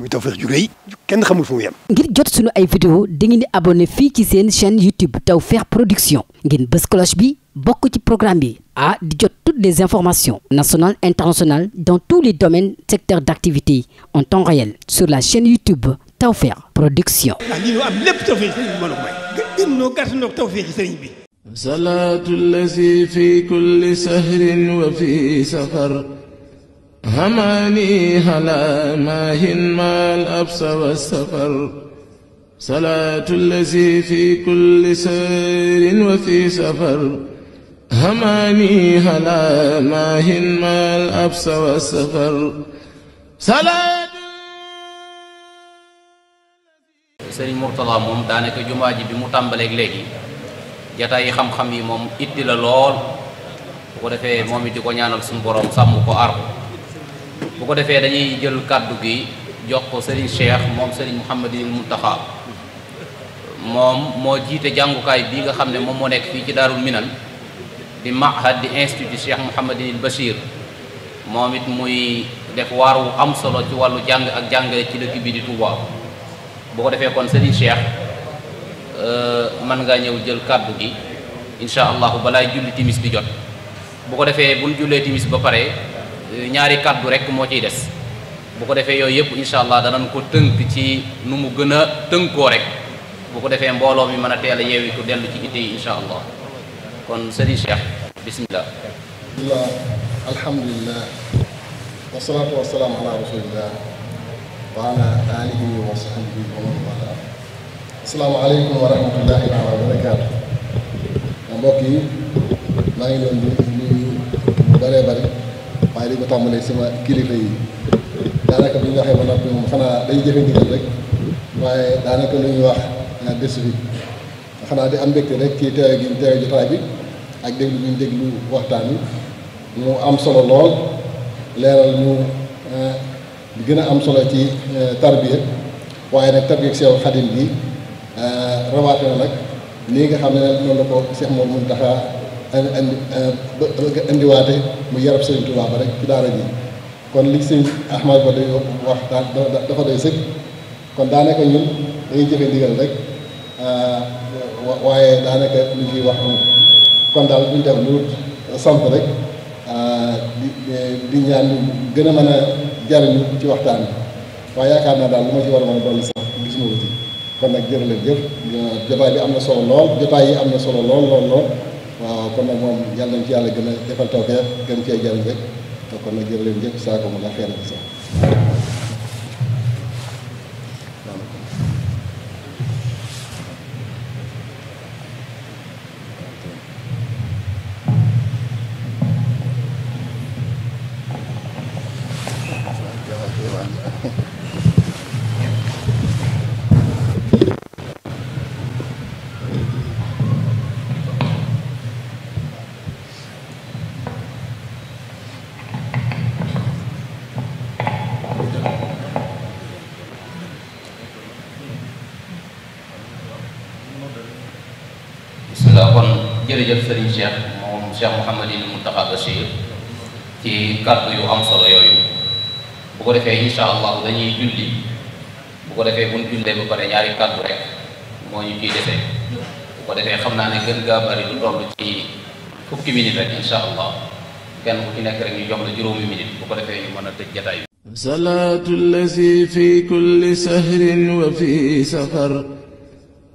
muy Tawfekh ju rëy kenn xamul fu mu yem. ngir jot sunu ay vidéo dangeen di abonné fii ci seen chaîne YouTube Tawfekh Production ngeen bës cloche bi bokk ci programme bi ah di jot toutes les informations nationales internationales dans tous les domaines secteurs d'activité en temps réel sur la chaîne YouTube Tawfekh Production. ah lii ñu am lépp Tawfekh sëriñ bi mën a may. gën noo gàtt noo Tawfekh sëriñ bi. salaatu lazi fi kulli sahrin wa fi safar. هماني هلا ماهن ما الأبس والسفر صلاة الذي في كل سير وفي سفر هماني هلا ماهن ما الأبس والسفر صلاة sëriñ Mourtala moom daanaka jumaa ji bi mu tàmbaleeg léegi jataay yi xam-xam yi moom itti la lool bu ko defee moom it di ko ñaanal suñu borom sàmm ko aar ko bu ko defee dañuy jël kàddu gi jox ko sëriñ Cheikh moom sëriñ Mouhamadul Mountakha moom moo jiite jàngukaay bii nga xam ne moom moo nekk fii ci Daarul Minan di mahad di institut Cheikh Mouhamadul Bachir moom it muy def waar wu am solo ci wàllu jàng ak jàngale ci dëkk bi di Touba bu ko defee kon sëriñ Cheikh euh, mën ngaa ñëw jël kàddu gi incha allah balaay julli timis di jot bu ko defee buñ jullee timis ba pare Euh, ñaari kàddu rek moo ciy des bu ko defee yooyu yëpp incha allah danañ ko tënk ci nu mu gën a tënkoo rek bu ko defee mbooloo mi mën a teel a yeewi ko dellu ci itte yi incha allah kon sëriñ Cheikh bismillah bismillah alhamdulillah wasalaatu wasalaam ala rasulillah wa ala alihi wa sahbihi wa man wala asalaamaaleykum wa rahmatullahi taala wa barakaatu mbokk yi maa ngi doon nuyu bu bëree bëri di ko tàmbalee sama kilifa yi daanaka bu ñu waxee ba noppi moom xanaa dañuy jëfe ndigal rek waaye daanaka lu ñuy wax des fi xanaa di am mbégte rek ci teewe gi teewe bi ak déglu ñu déglu waxtaan yi mu am solo lool leeral ñu di eh, gën a am solo ci eh, tarbiya waaye nag tarbiya Seex Xadim bi eh, rawaate na nag lii nga xam ne noonu la ko Seex moom mun taxaa andi andi ba indiwaate mu yarab Serigne Touba ba rek ci daara ji kon li Serigne Ahmad ba day wax daal dafa day sëg kon daanaka ñun dañuy jëfe ndigal rek waaye daanaka lu ñuy wax moom kon daal duñ def lu sant rek di di ñaan gën a mën a jariñu ci waxtaan bi waaye yaakaar naa daal lu ma ci war a mën a dolli sax gis nga kon nag jërë leen jëf jotaay bi am na solo lool jotaay yi am na solo lool lool lool. waaw kon nag moom yàlla nañ ci yàlla gën a defal tawfeex gën cee jëriñ rek te kon nag jërë leen jëf saako mu la feere bi sax bisimilah kon jërëjëf sëriñ Cheikh moom Cheikh Mouhamadine Mountakha Bachir ci kàddu yu am solo yooyu bu ko defee incha allah dañuy julli bu ko defee bu ñu jullee ba pare ñaari kàddu rek moo ñu ciy defee bu ko defee xam naa ne gën gaa bari lu toll ci fukki minute rek incha allah kenn ku ci nekk rek ñu jox la juróomi minute bu ko defee ñu mën a tëj jataay bi. salaatu lazi fi kulli sahrin wa fi safar.